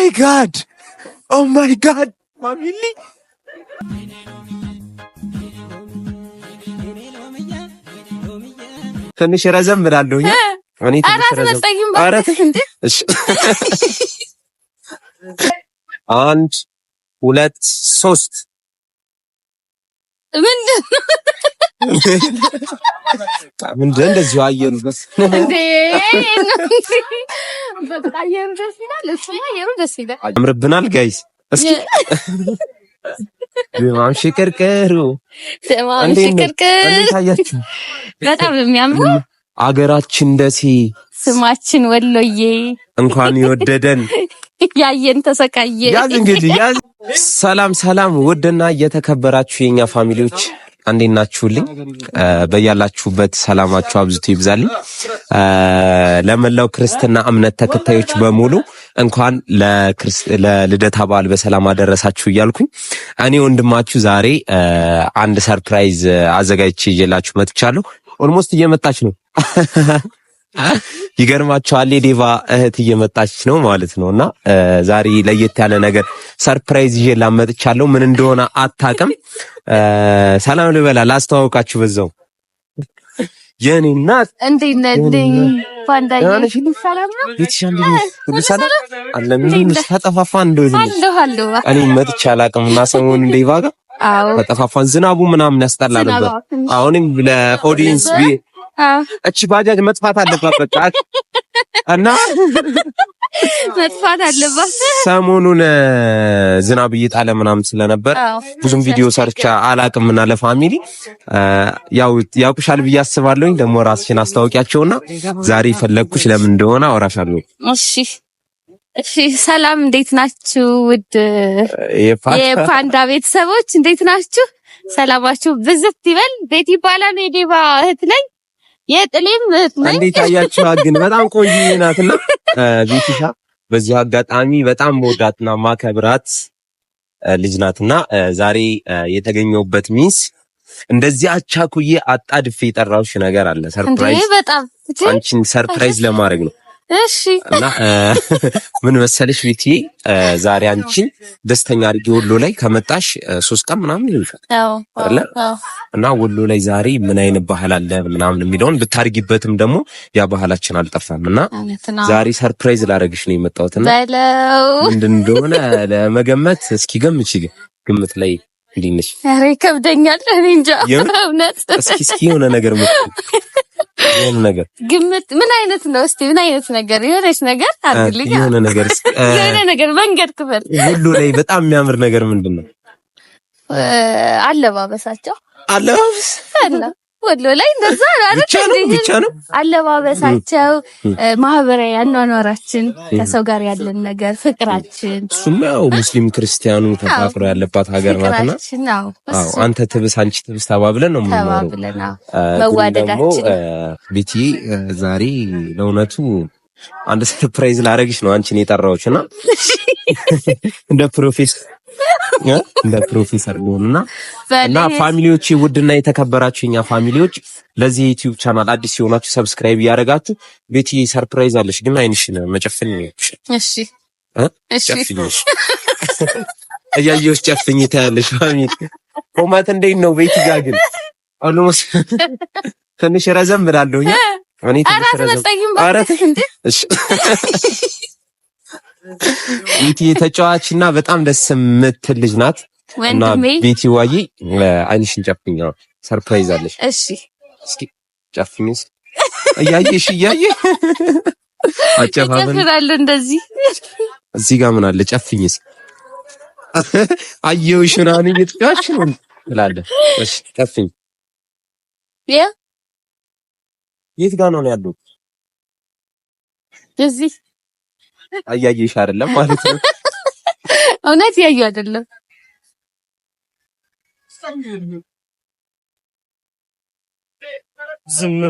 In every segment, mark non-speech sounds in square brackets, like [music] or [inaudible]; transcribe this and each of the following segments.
ማይ ጋድ ኦ ማይ ጋድ ማሚሊ ትንሽ ረዘም ብላለሁኝ። እኔ ትንሽ [laughs] አንድ ሁለት ሶስት ምንድን እንደዚሁ አየሩ በቃ አየሩ ደስ ይላል። እሱማ አየሩ ደስ ይላል። አምርብናል ጋይስ። እስኪ ሽቅርቅሩ በጣም የሚያምሩ አገራችን ደሴ ስማችን ወሎዬ እንኳን የወደደን ያየን ተሰቃየ። ያዝ እንግዲህ ያዝ። ሰላም ሰላም፣ ውድና የተከበራችሁ የኛ ፋሚሊዎች እንዴት ናችሁልኝ? በያላችሁበት ሰላማችሁ አብዝቶ ይብዛልኝ። ለመላው ክርስትና እምነት ተከታዮች በሙሉ እንኳን ለልደታ በዓል በሰላም አደረሳችሁ እያልኩኝ እኔ ወንድማችሁ ዛሬ አንድ ሰርፕራይዝ አዘጋጅቼ ይዤላችሁ መጥቻለሁ። ኦልሞስት እየመጣች ነው ይገርማቸዋል። የዴቫ እህት እየመጣች ነው ማለት ነው። እና ዛሬ ለየት ያለ ነገር ሰርፕራይዝ ይዤ ላመጥቻለሁ። ምን እንደሆነ አታውቅም። ሰላም ልበላ ላስተዋውቃችሁ በዛው የኔ እናት እንዴት ነህ? ፋንዳዬ ሰላም ነው። ዝናቡ ምናምን ያስጠላ ነበር። አሁንም ለኦዲየንስ እቺ ባጃጅ መጥፋት አለባት በቃ እና መጥፋት አለባት። ሰሞኑን ዝናብ እየጣለ ምናምን ስለነበር ብዙም ቪዲዮ ሰርቻ አላቅም እና ለፋሚሊ ያው ያውቅሻል ብዬ አስባለሁኝ። ደግሞ ራስሽን አስታውቂያቸውና ዛሬ ፈለግኩሽ ለምን እንደሆነ አወራሻለሁ። እሺ እሺ። ሰላም፣ እንዴት ናችሁ? ውድ የፓንዳ ቤተሰቦች እንዴት ናችሁ? ሰላማችሁ ብዝት ይበል። ቤት ይባላል። የዴባ እህት ነኝ። የጥሌም እንዴት አያችኋት? ግን በጣም ቆንጆ ናትና ቤቲሻ በዚህ አጋጣሚ በጣም መወዳትና ማከብራት ልጅ ናትና ዛሬ የተገኘውበት ሚንስ እንደዚህ አቻኩዬ አጣድፌ የጠራሁሽ ነገር አለ። ሰርፕራይዝ አንቺን ሰርፕራይዝ ለማድረግ ነው። እሺ እና ምን መሰለሽ ቤትዬ ዛሬ አንቺን ደስተኛ አድርጌ ወሎ ላይ ከመጣሽ ሶስት ቀን ምናምን ይልሻል እና ወሎ ላይ ዛሬ ምን አይነት ባህል አለ ምናምን የሚለውን ብታርጊበትም ደግሞ ያ ባህላችን አልጠፋም እና ዛሬ ሰርፕራይዝ ላደርግሽ ነው የመጣሁት እና ምንድን እንደሆነ ለመገመት እስኪ ገምቺ ግምት ላይ እንዲነሽ ኧረ ይከብደኛል እኔ እንጃ እውነት እስኪ እስኪ የሆነ ነገር የሆነ ነገር ግምት ምን አይነት ነው? እስቲ ምን አይነት ነገር የሆነች ነገር አድርግልኝ። የሆነ ነገር የሆነ ነገር መንገድ ክፈል። ሁሉ ላይ በጣም የሚያምር ነገር ምንድን ነው? አለባበሳቸው አለባበስ አለ ወሎ ላይ እንደዛ ብቻ ነው አለባበሳቸው፣ ማህበራዊ አኗኗራችን፣ ከሰው ጋር ያለን ነገር ፍቅራችን፣ እሱም ያው ሙስሊም ክርስቲያኑ ተፋቅሮ ያለባት ሀገር ናትና አንተ ትብስ አንቺ ትብስ ተባብለን ነው የምንኖረው። መዋደዳችን ቤቲ ዛሬ ለእውነቱ አንድ ሰርፕራይዝ ላረግሽ ነው አንቺን የጠራሁሽ እና [laughs] እንደ ፕሮፌሰር እንደ ፕሮፌሰር ጎንና እና ፋሚሊዎች ውድና የተከበራችሁ የኛ ፋሚሊዎች ለዚህ ዩቲዩብ ቻናል አዲስ የሆናችሁ ሰብስክራይብ እያደረጋችሁ ቤቲ ሰርፕራይዝ አለሽ፣ ግን አይንሽን መጨፍን እሺ፣ ጨፍኝሽ እያየሁሽ ጨፍኝ ታያለሽ። ፋሚሊ ቆማት እንዴት ነው ቤቲ ጋር ግን ኦልሞስት ትንሽ ረዘም ብላለሁኛ እኛ እኔ ትንሽ ረዘም አረት እሺ ቤቲ [laughs] ተጫዋች እና በጣም ደስ የምትል ልጅ ናት። እና ቤቲ ዋዬ አይንሽን ጨፍኝ፣ ሰርፕራይዝ አለሽ። እሺ እስኪ ጨፍኝ። እያየሽ እያየ [laughs] አጨፋፈን እንደዚህ እዚህ ጋር ምን አለ ጨፍኝ። እስኪ አየሁሽ ምናምን እየተጫዋች ነው ትላለ። እሺ ጨፍኝ። የት ጋር ነው ያለው? እዚህ አያየሽ አይደለም ማለት ነው። እውነት ያዩ አይደለም። ዝም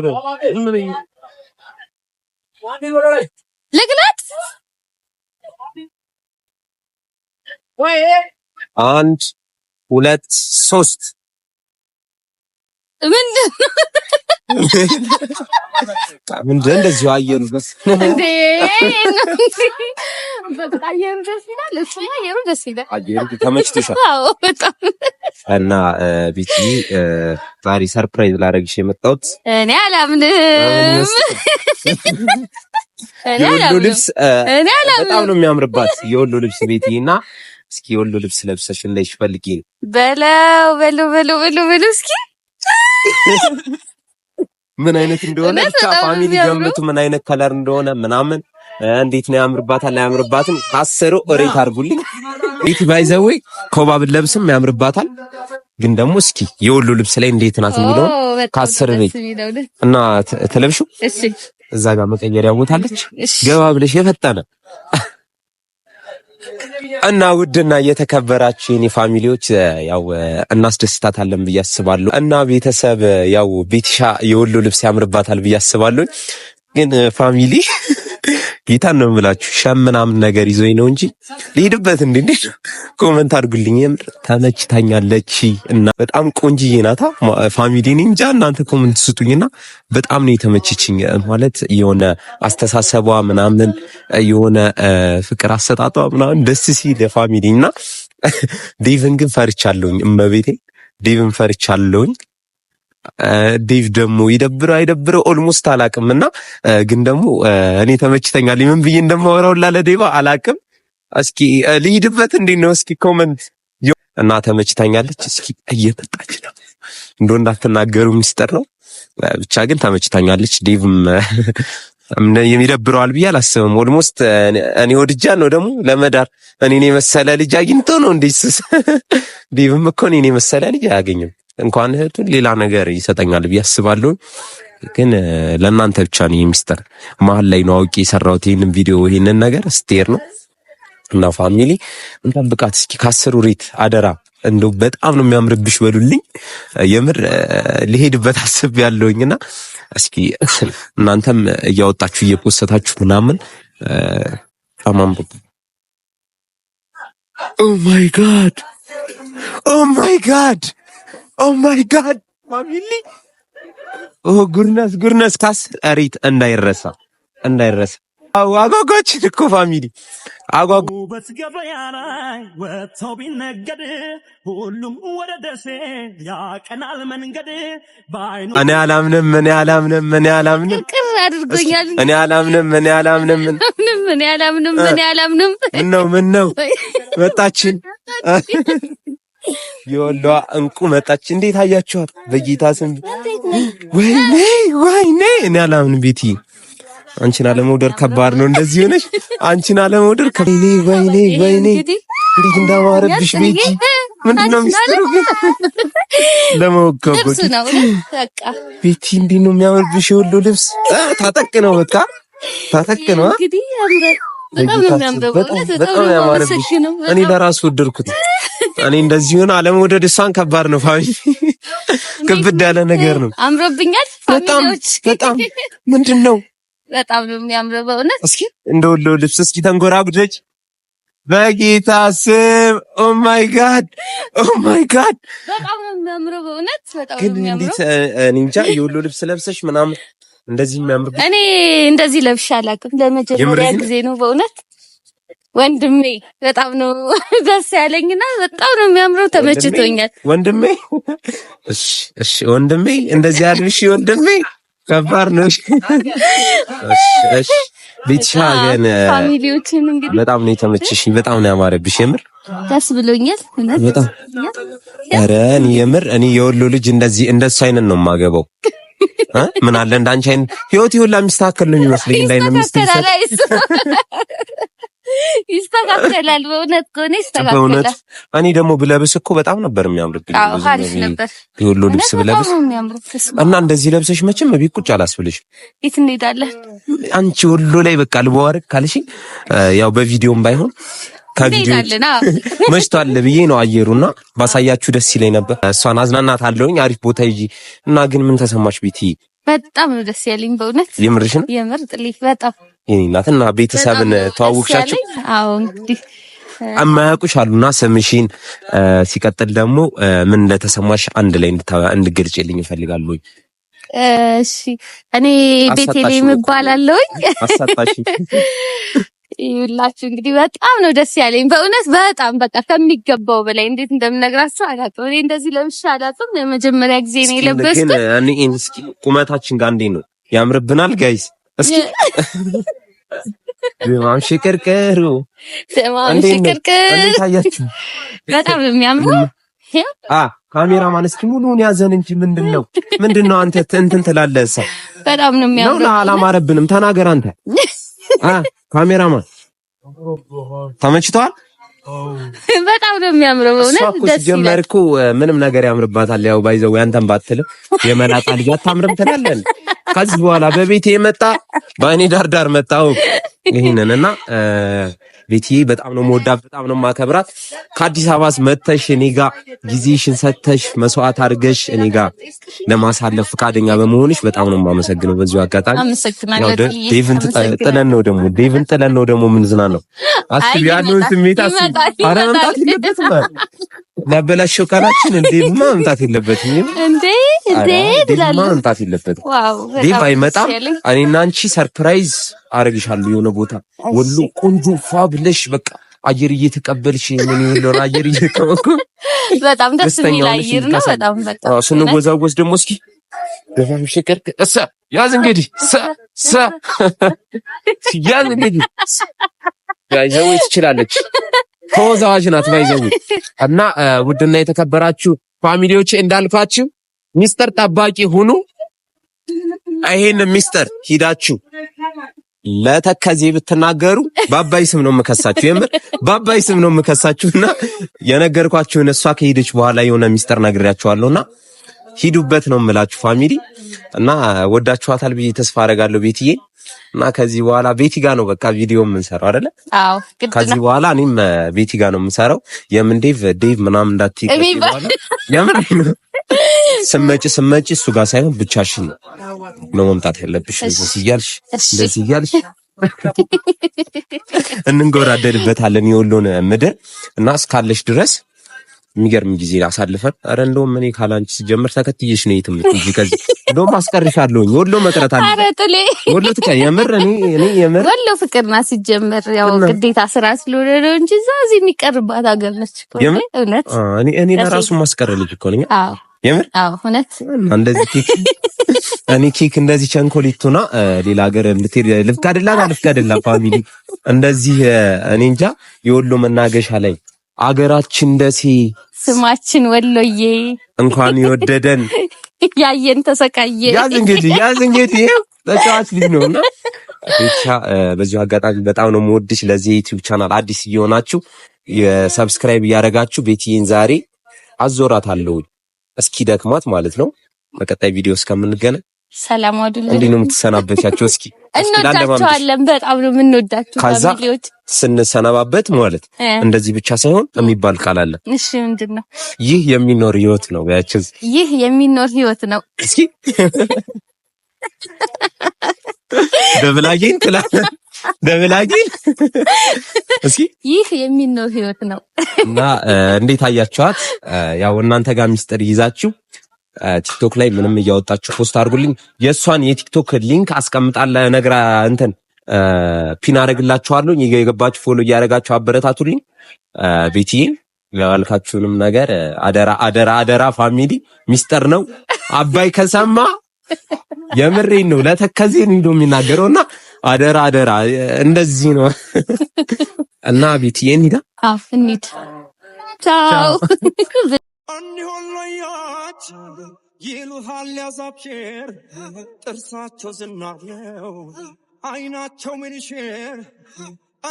በል ዝም በል። ልግላት አንድ ሁለት ሶስት ምንድን ነው? ምንድን እንደዚሁ አየሩ ደስ ደስ ይላል። እሱ አየሩ ደስ ይላል። እና ቤቲ ዛሬ ሰርፕራይዝ ላደረግሽ የመጣሁት እኔ አላምንም። የወሎ ልብስ በጣም ነው የሚያምርባት የወሎ ልብስ ቤቲ እና እስኪ የወሎ ልብስ ለብሰሽ እንዳይሽ ፈልጊ በለው በለው በለው በለው በለው እስኪ ምን አይነት እንደሆነ ብቻ ፋሚሊ ገምቱ፣ ምን አይነት ከለር እንደሆነ ምናምን እንዴት ነው ያምርባታል አያምርባትም? ካሰሩ ኦሬት አድርጉልኝ። ኢት ባይ ዘ ኮባ ብትለብስም ያምርባታል፣ ግን ደግሞ እስኪ የወሎ ልብስ ላይ እንዴት ናት የሚለው ካሰሩ ሬት እና ተለብሹ። እዛ ጋር መቀየሪያ ቦታለች፣ ገባ ብለሽ የፈጠነ እና ውድና እየተከበራችሁ የኔ ፋሚሊዎች ያው እናስደስታታለን ብዬ አስባለሁ። እና ቤተሰብ ያው ቤትሻ የወሎ ልብስ ያምርባታል ብዬ አስባለሁ። ግን ፋሚሊ ጌታን ነው የምላችሁ። ሸምናም ነገር ይዞኝ ነው እንጂ ልሄድበት እንዲ እንዴ። ኮመንት አድርጉልኝ። የምር ተመችታኛለች እና በጣም ቆንጅዬ ናታ። ፋሚሊን እንጃ እናንተ ኮመንት ስጡኝና በጣም ነው የተመችችኝ። ማለት የሆነ አስተሳሰቧ ምናምን የሆነ ፍቅር አሰጣጧ ምናምን ደስ ሲል ፋሚሊ እና ዴቭን ግን ፈርቻለሁኝ። እመቤቴ ዴቭን ፈርቻለሁኝ። ዴቭ ደግሞ ይደብረው አይደብረው ኦልሞስት አላቅም እና ግን ደግሞ እኔ ተመችተኛል። ምን ብዬ እንደማወራው ላለ ዴቭ አላቅም። እስኪ ልሂድበት እንዴ ነው እስኪ ኮመንት እና ተመችታኛለች። እስኪ እየጠጣች ነው እንዶ እንዳትናገሩ ሚስጥር ነው። ብቻ ግን ተመችታኛለች። ዴቭም የሚደብረዋል ብዬ አላስብም። ኦልሞስት እኔ ወድጃ ነው ደግሞ ለመዳር እኔን የመሰለ ልጅ አግኝቶ ነው እንዴ ዴቭም እኮ እኔን የመሰለ ልጅ አያገኝም። እንኳን እህቱን ሌላ ነገር ይሰጠኛል ብዬ አስባለሁ። ግን ለእናንተ ብቻ ነው የሚስጥር። መሀል ላይ ነው አውቄ የሰራሁት ይህንን ቪዲዮ ይህንን ነገር ስቴር ነው እና ፋሚሊ እንኳን ብቃት እስኪ ከአስሩ ሬት አደራ እንደው በጣም ነው የሚያምርብሽ በሉልኝ። የምር ሊሄድበት አስብ ያለውኝና እስኪ እናንተም እያወጣችሁ እየቆሰታችሁ ምናምን አማምቡ። ኦ ማይ ጋድ ኦ ማይ ጋድ ኦ ማይ ጋድ ማሚሊ ኦ ጉርነስ ጉርነስ ካስ አሪት እንዳይረሳ እንዳይረሳ። አው አጓጓች እኮ ፋሚሊ አጓጉ በትገበያ ላይ ወጥተው ቢነገድ ሁሉም ወደ ደሴ ያቀናል መንገድ። እኔ አላምንም፣ እኔ አላምንም፣ እኔ አላምንም፣ እኔ አላምንም፣ እኔ አላምንም፣ እኔ አላምንም፣ እኔ አላምንም። ምን ነው መጣችን የወሏ እንቁ መጣች። እንዴት አያችኋት? በጌታ ስም ወይኔ ወይኔ! እኔ አላምን ቤቲ፣ አንቺን አለመውደር ከባድ ነው። እንደዚህ ሆነሽ አንቺን አለመውደር ወይኔ ወይኔ ወይኔ! እንዴት እንዳማረብሽ ቤቲ! ምንድን ነው ሚስጥሩ ግን? ቤቲ፣ እንዴት ነው የሚያምርብሽ የወሎ ልብስ! ታጠቅ ነው በቃ ታጠቅ ነው። እኔ ለራሱ ወደድኩት። እኔ እንደዚህ ሆነ አለመውደድ እሷን ከባድ ነው። ፋሚ [laughs] ክብድ ያለ ነገር ነው። አምሮብኛል። በጣም በጣም ምንድን ነው በጣም ነው የሚያምረው በእውነት። እስኪ እንደወለው ልብስ እስኪ ተንጎራጉደች። በጌታ ስም ኦ ማይ ጋድ ኦ ማይ ጋድ በጣም ነው የሚያምረው በእውነት። በጣም ነው የሚያምረው። ግን እንዴት እኔ እንጃ የወሎ ልብስ ለብሰሽ ምናምን እንደዚህ የሚያምር እኔ እንደዚህ ለብሼ አላውቅም። ለመጀመሪያ ጊዜ ነው በእውነት ወንድሜ። በጣም ነው [laughs] ደስ ያለኝና በጣም ነው የሚያምረው። ተመችቶኛል ወንድሜ። እሺ፣ እሺ ወንድሜ፣ እንደዚህ አድርሽ ወንድሜ። ከባድ ነው። እሺ፣ እሺ ብቻ ግን ፋሚሊዎችን እንግዲህ በጣም ነው የተመቸሽ፣ በጣም ነው ያማረብሽ። የምር ደስ ብሎኛል በጣም ኧረ እኔ የምር እኔ የወሎ ልጅ እንደዚህ እንደሱ አይነት ነው የማገባው ምን አለ እንደ አንቺ አይነት ህይወት ይሁላ የሚስተካከል ነው የሚመስለኝ። እንዳይነ ነው ይስተካከላል። በእውነት ከሆነ ይስተካከላል። በእውነት እኔ ደግሞ ብለብስ እኮ በጣም ነበር የሚያምርብኝ። አዎ ሀሪፍ ነበር የወሎ ልብስ ብለብስ እና እንደዚህ ለብሰሽ መቼም ቤት ቁጭ አላስብልሽ። የት እንሄዳለን? አንቺ ወሎ ላይ በቃ ልበዋረግ ካልሽኝ ያው በቪዲዮም ባይሆን መሽቷል ብዬ ነው አየሩና ባሳያችሁ ደስ ይለኝ ነበር። እሷን አዝናናት አለውኝ አሪፍ ቦታ ይዤ እና ግን ምን ተሰማሽ ቤት? በጣም ነው ደስ ያለኝ በእውነት የምርሽ ነው? የምር ጥልፍ በጣም የኔ እናትና ቤተሰብን ተዋውቅሻቸው? አዎ እንግዲህ አማያውቁሽ አሉና ስምሽን፣ ሲቀጥል ደግሞ ምን እንደተሰማሽ አንድ ላይ እንድገልጭልኝ እፈልጋለሁኝ። እሺ እኔ ቤቴሌም እባላለሁኝ። አሳጣሽ ይላችሁ እንግዲህ በጣም ነው ደስ ያለኝ። በእውነት በጣም በቃ ከሚገባው በላይ እንዴት እንደምነግራችሁ አላውቅም። እኔ እንደዚህ ለብሼ አላውቅም። ለመጀመሪያ ጊዜ ነው የለበስኩት። ግን እስኪ ቁመታችን ጋር እንዴት ነው ያምርብናል ጋይስ። እስኪ ደማም ሽቅርቅሩ ደማም ሽቅርቅር ታያችሁ። በጣም የሚያምሩ አ ካሜራ ማን እስኪ ሙሉውን ያዘን እንጂ ምንድነው ምንድነው አንተ እንትን ትላለህ። ሰው በጣም ነው የሚያምሩ ነው አላማረብንም። ተናገር አንተ አ ካሜራማን ተመችቷል። በጣም ነው የሚያምረው። እውነት ደስ ይላል እኮ ምንም ነገር ያምርባታል። ያው ባይዘው ያንተን ባትልም የመላጣ ልጅ አታምርም ትላለህ። ከዚህ በኋላ በቤቴ መጣ፣ በእኔ ዳርዳር መጣው ይሄንን እና ቤትዬ በጣም ነው መወዳት፣ በጣም ነው ማከብራት። ከአዲስ አበባስ መተሽ እኔ ጋ ጊዜሽን ሰተሽ መስዋዕት አድርገሽ እኔ ጋ ለማሳለፍ ፈቃደኛ በመሆንሽ በጣም ነው የማመሰግነው። በዚሁ አጋጣሚ ዴቭን ጥለን ነው ደግሞ ዴቭን ጥለን ነው ደግሞ ምን ዝና ነው አስቢ ያለውን ስሜት አስቢ። ኧረ መምጣት የለበትም ላበላሸው ቃላችን እንዴ ማምጣት የለበትም እንዴ እንዴ ይላል ማምጣት የለበትም። ዴቭ አይመጣም። እኔና አንቺ ሰርፕራይዝ አረግሻለሁ የሆነ ቦታ ወሎ ቆንጆ ፏ ብለሽ በቃ አየር እየተቀበልሽ ምን ይሆን አየር እየተቀበልኩ [laughs] በጣም ደስ የሚል አየር ነው። በጣም በቃ ስንወዛወዝ ደግሞ እስኪ ደፋም ሽከር እሰ ያዝ እንግዲህ ሰ ሰ [laughs] ያዝ እንግዲህ ያዘው [laughs] ትችላለች ተወዛዋዥ ናት ባይዘው እና ውድና የተከበራችሁ ፋሚሊዎች እንዳልኳችሁ ሚስጥር ጠባቂ ሁኑ። ይሄን ሚስጥር ሂዳችሁ ለተከዜ ብትናገሩ ባባይ ስም ነው የምከሳችሁ። የምር ባባይ ስም ነው የምከሳችሁና የነገርኳችሁን እሷ ከሄደች በኋላ የሆነ ሚስጥር ነግሬያችኋለሁና ሂዱበት ነው የምላችሁ ፋሚሊ እና ወዳችኋታል ብዬ ተስፋ አደርጋለሁ ቤትዬ። እና ከዚህ በኋላ ቤቲ ጋ ነው በቃ ቪዲዮ የምንሰራው አይደለ? አዎ ከዚህ በኋላ እኔም ቤቲ ጋ ነው የምንሰራው። የምን ዴቭ ዴቭ ምናምን እንዳትይ። [laughs] የምን ስመጪ ስመጪ እሱ ጋር ሳይሆን ብቻሽን ነው መምጣት ያለብሽ። እንደዚህ እያልሽ እንደዚህ እያልሽ [laughs] እንንጎራደድበታለን የወሎን ምድር እና እስካለሽ ድረስ የሚገርም ጊዜ አሳልፈን አረ እንደውም እኔ ካላንቺ ሲጀምር ተከትዬሽ ነው የትም እንጂ ከዚህ እንደውም አስቀርሻለሁኝ። ወሎ መቅረት አለ ወሎ ትቀር የምር እኔ እኔ የምር ወሎ ፍቅርና ሲጀምር ያው ግዴታ ስራ ስለሆነ ነው እንጂ እዛ እዚህ የሚቀርባት ሀገር ነች እኮ እውነት። እኔ እኔ ለራሱ ማስቀር ልጅ እኮ ነኝ። አዎ የምር አዎ እውነት። እንደዚህ ኬክ [laughs] እኔ ኬክ እንደዚህ ቸንኮሌቱና ሌላ ሀገር ልትሄድ ልፍቀድላት አልፍቀድላት ፋሚሊ እንደዚህ እኔ እንጃ የወሎ መናገሻ ላይ አገራችን ደሴ ስማችን ወሎዬ እንኳን የወደደን ያየን ተሰቃየ። ያዝ እንግዲህ ያዝ እንግዲህ ተጫዋች ልጅ ነው እና ብቻ በዚሁ አጋጣሚ በጣም ነው የምወድሽ። ለዚህ ዩቲዩብ ቻናል አዲስ እየሆናችሁ የሰብስክራይብ እያደረጋችሁ ቤትዬን ዛሬ አዞራት አለው እስኪ ደክማት ማለት ነው። በቀጣይ ቪዲዮ እስከምንገናኝ ሰላም አድርጉ። እንዴት ነው የምትሰናበቻቸው? እስኪ እንወዳቸዋለን። በጣም ነው የምንወዳቸው። ከዛ ስንሰነባበት ማለት እንደዚህ ብቻ ሳይሆን የሚባል ቃል አለ። እሺ ምንድን ነው? ይህ የሚኖር ህይወት ነው። ያችዝ ይህ የሚኖር ህይወት ነው። እስኪ ደብላጊን ትላ ደብላጊን እስኪ ይህ የሚኖር ህይወት ነው እና እንዴት አያችኋት? ያው እናንተ ጋር ሚስጥር ይዛችሁ ቲክቶክ ላይ ምንም እያወጣችሁ ፖስት አድርጉልኝ። የእሷን የቲክቶክ ሊንክ አስቀምጣለ ነግራ እንትን ፒን አደርግላችኋለሁ። የገባችሁ ፎሎ እያደረጋችሁ አበረታቱልኝ። ቤትዬ ለዋልካችሁንም ነገር አደራ አደራ አደራ። ፋሚሊ ሚስጥር ነው። አባይ ከሰማ የምሬን ነው ለተከዜን እንዶ የሚናገረው እና አደራ አደራ እንደዚህ ነው እና ቤትዬ ሂዳ ቻው እንዲሆሎያች ይሉሃል ያዛብሼር ጥርሳቸው ዝናር አይናቸው ምንሼር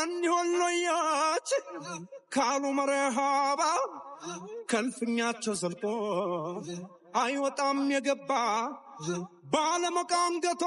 እንዲሆሎያች ካሉ መረሃባ ከልፍኛቸው ዘልቆ አይወጣም የገባ ባለመቃንገቷ